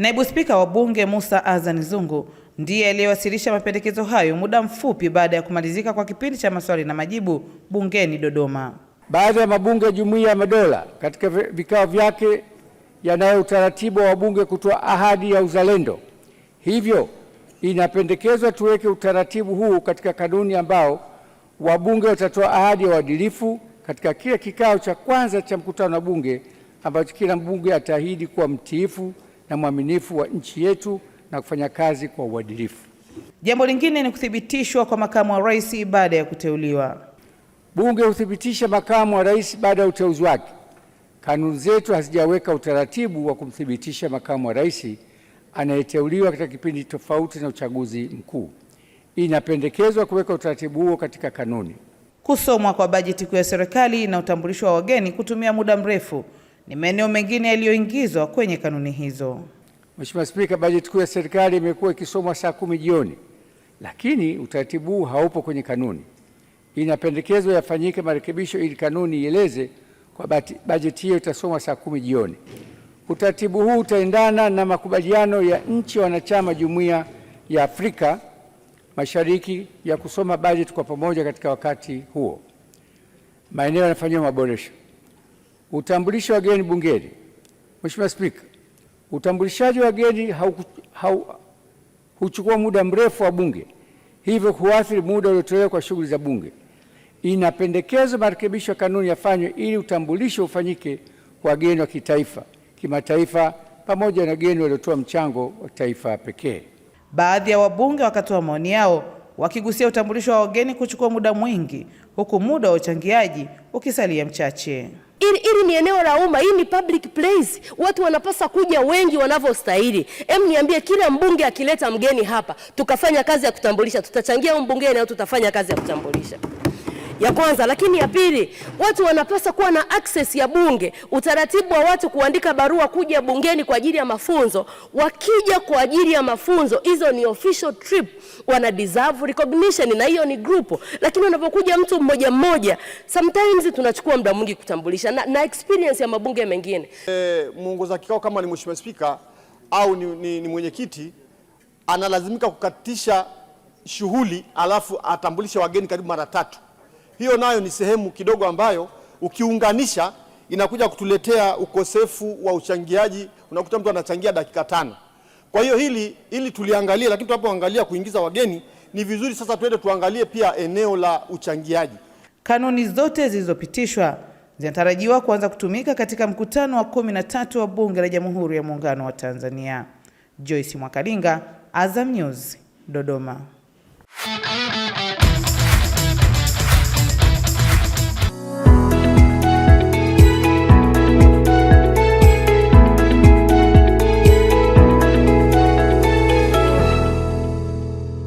Naibu Spika wa Bunge Musa Azan Zungu ndiye aliyewasilisha mapendekezo hayo muda mfupi baada ya kumalizika kwa kipindi cha maswali na majibu bungeni Dodoma. Baadhi ya mabunge ya Jumuiya ya Madola katika vikao vyake yanayo utaratibu wa wabunge kutoa ahadi ya uzalendo, hivyo inapendekezwa tuweke utaratibu huu katika kanuni ambao wabunge watatoa ahadi ya uadilifu katika kila kikao cha kwanza cha mkutano wa bunge ambacho kila mbunge ataahidi kuwa mtiifu na mwaminifu wa nchi yetu na kufanya kazi kwa uadilifu. Jambo lingine ni kuthibitishwa kwa makamu wa rais baada ya kuteuliwa. Bunge huthibitisha makamu wa rais baada ya uteuzi wake. Kanuni zetu hazijaweka utaratibu wa kumthibitisha makamu wa rais anayeteuliwa katika kipindi tofauti na uchaguzi mkuu. Inapendekezwa kuweka utaratibu huo katika kanuni. Kusomwa kwa bajeti kuu ya serikali na utambulisho wa wageni kutumia muda mrefu ni maeneo mengine yaliyoingizwa kwenye kanuni hizo. Mheshimiwa Spika, bajeti kuu ya serikali imekuwa ikisomwa saa kumi jioni, lakini utaratibu huu haupo kwenye kanuni. Inapendekezwa yafanyike marekebisho ili kanuni ieleze kwa bajeti hiyo itasomwa saa kumi jioni. Utaratibu huu utaendana na makubaliano ya nchi wanachama Jumuiya ya Afrika Mashariki ya kusoma bajeti kwa pamoja katika wakati huo. Maeneo yanafanyiwa maboresho. Utambulisho wa wageni bungeni. Mheshimiwa Spika, utambulishaji wa wageni huchukua muda mrefu wa Bunge, hivyo huathiri muda uliotolewa kwa shughuli za Bunge. Inapendekezwa marekebisho ya kanuni yafanywe ili utambulisho ufanyike kwa wageni wa kitaifa, kimataifa pamoja na wageni waliotoa mchango wa taifa pekee. Baadhi ya wabunge wakatoa maoni yao wakigusia utambulisho wa wageni kuchukua muda mwingi, huku muda wa uchangiaji ukisalia mchache. Hili ni eneo la umma, hii ni public place. Watu wanapaswa kuja wengi wanavyostahili. Em, niambie, kila mbunge akileta mgeni hapa tukafanya kazi ya kutambulisha, tutachangia huyu mbungeni au tutafanya kazi ya kutambulisha? ya kwanza. Lakini ya pili, watu wanapaswa kuwa na access ya Bunge. Utaratibu wa watu kuandika barua kuja bungeni kwa ajili ya mafunzo, wakija kwa ajili ya mafunzo, hizo ni official trip, wana deserve recognition, na hiyo ni group. Lakini unapokuja mtu mmoja mmoja, sometimes tunachukua muda mwingi kutambulisha na, na experience ya mabunge mengine. E, muongoza kikao kama ni mheshimiwa spika au ni, ni, ni mwenyekiti analazimika kukatisha shughuli alafu atambulishe wageni karibu mara tatu hiyo nayo ni sehemu kidogo ambayo ukiunganisha inakuja kutuletea ukosefu wa uchangiaji, unakuta mtu anachangia dakika tano. Kwa hiyo hili ili tuliangalie, lakini tunapoangalia kuingiza wageni ni vizuri sasa tuende tuangalie pia eneo la uchangiaji. Kanuni zote zilizopitishwa zinatarajiwa kuanza kutumika katika mkutano wa kumi na tatu wa Bunge la Jamhuri ya Muungano wa Tanzania. Joyce Mwakalinga, Azam News, Dodoma.